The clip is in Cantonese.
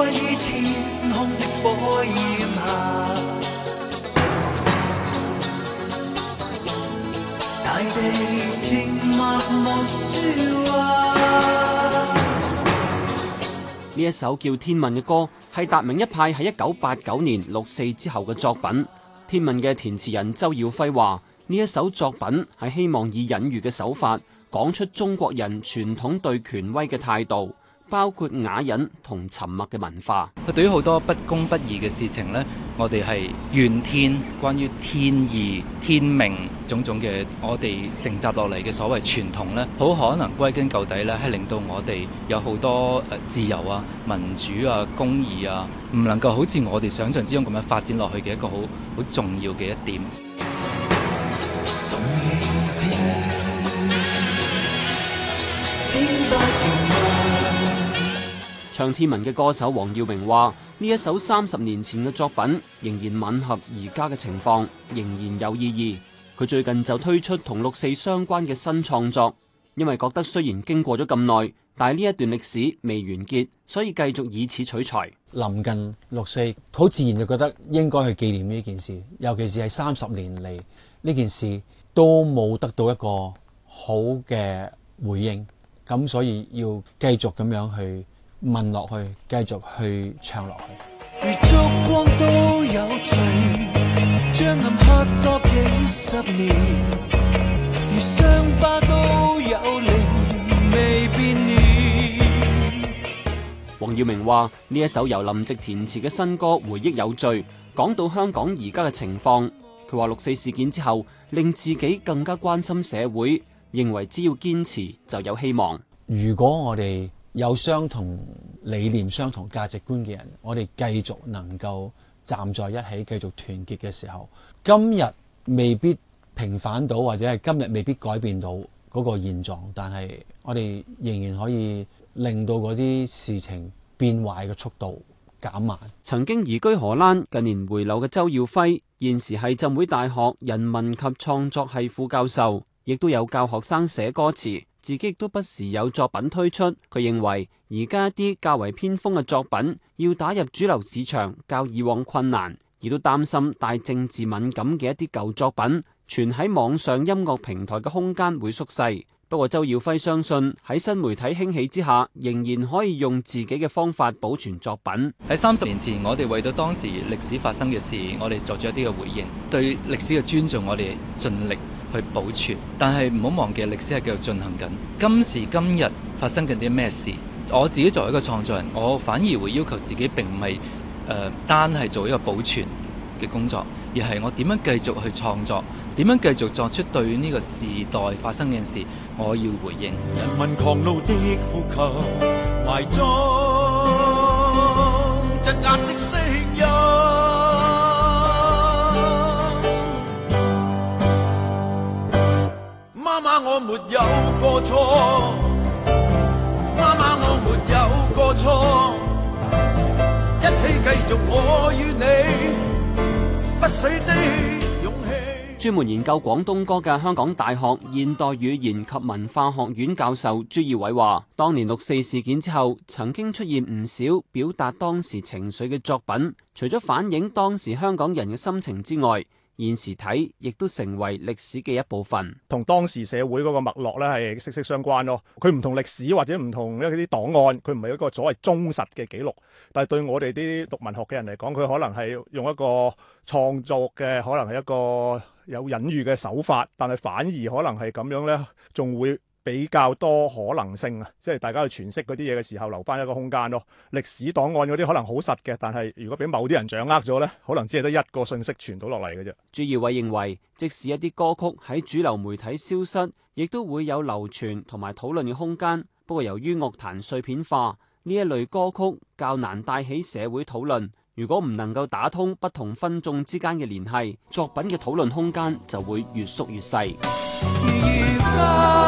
呢一首叫《天問》嘅歌，係達明一派喺一九八九年六四之後嘅作品。《天問》嘅填詞人周耀輝話，呢一首作品係希望以隱喻嘅手法，講出中國人傳統對權威嘅態度。包括啞忍同沉默嘅文化，佢對於好多不公不義嘅事情咧，我哋係怨天，關於天意、天命種種嘅，我哋承襲落嚟嘅所謂傳統咧，好可能歸根究底咧，係令到我哋有好多自由啊、民主啊、公義啊，唔能夠好似我哋想象之中咁樣發展落去嘅一個好好重要嘅一點。唱天文嘅歌手黃耀明話：呢一首三十年前嘅作品仍然吻合而家嘅情況，仍然有意義。佢最近就推出同六四相關嘅新創作，因為覺得雖然經過咗咁耐，但係呢一段歷史未完結，所以繼續以此取材。臨近六四，好自然就覺得應該去紀念呢件事，尤其是係三十年嚟，呢件事都冇得到一個好嘅回應，咁所以要繼續咁樣去。問落去，繼續去唱落去。如燭光都有罪，將暗黑多幾十年；如傷疤都有靈，未變。黃耀明話：呢一首由林夕填詞嘅新歌《回憶有罪》，講到香港而家嘅情況。佢話六四事件之後，令自己更加關心社會，認為只要堅持就有希望。如果我哋有相同理念、相同價值觀嘅人，我哋繼續能夠站在一起，繼續團結嘅時候，今日未必平反到，或者係今日未必改變到嗰個現狀，但係我哋仍然可以令到嗰啲事情變壞嘅速度減慢。曾經移居荷蘭，近年回流嘅周耀輝，現時係浸會大學人文及創作係副教授。亦都有教學生寫歌詞，自己亦都不時有作品推出。佢認為而家一啲較為偏鋒嘅作品要打入主流市場，較以往困難，亦都擔心帶政治敏感嘅一啲舊作品，存喺網上音樂平台嘅空間會縮細。不過，周耀輝相信喺新媒體興起之下，仍然可以用自己嘅方法保存作品。喺三十年前，我哋為到當時歷史發生嘅事，我哋做咗一啲嘅回應，對歷史嘅尊重，我哋盡力。去保存，但係唔好忘記歷史係繼續進行緊。今時今日發生緊啲咩事？我自己作為一個創作人，我反而會要求自己並唔係誒單係做一個保存嘅工作，而係我點樣繼續去創作，點樣繼續作出對呢個時代發生嘅事，我要回應。人民狂怒的呼吸。冇有過錯，媽媽，我冇有過錯，一起繼續我與你。專門研究廣東歌嘅香港大學現代語言及文化學院教授朱耀偉話，當年六四事件之後，曾經出現唔少表達當時情緒嘅作品，除咗反映當時香港人嘅心情之外，現時睇，亦都成為歷史嘅一部分，同當時社會嗰個脈絡呢係息息相關咯。佢唔同歷史或者唔同一啲檔案，佢唔係一個所謂忠實嘅記錄，但係對我哋啲讀文學嘅人嚟講，佢可能係用一個創作嘅，可能係一個有隱喻嘅手法，但係反而可能係咁樣呢，仲會比較多可能性啊，即係大家去詮釋嗰啲嘢嘅時候，留返一個空間咯。歷史檔案嗰啲可能好實嘅，但係如果俾某啲人掌握咗呢，可能只係得一個信息傳到落嚟嘅啫。朱耀偉認為，即使一啲歌曲喺主流媒體消失，亦都會有流傳同埋討論嘅空間。不過由於樂壇碎片化，呢一類歌曲較難帶起社會討論。如果唔能夠打通不同分眾之間嘅聯繫，作品嘅討論空間就會越縮越細。月月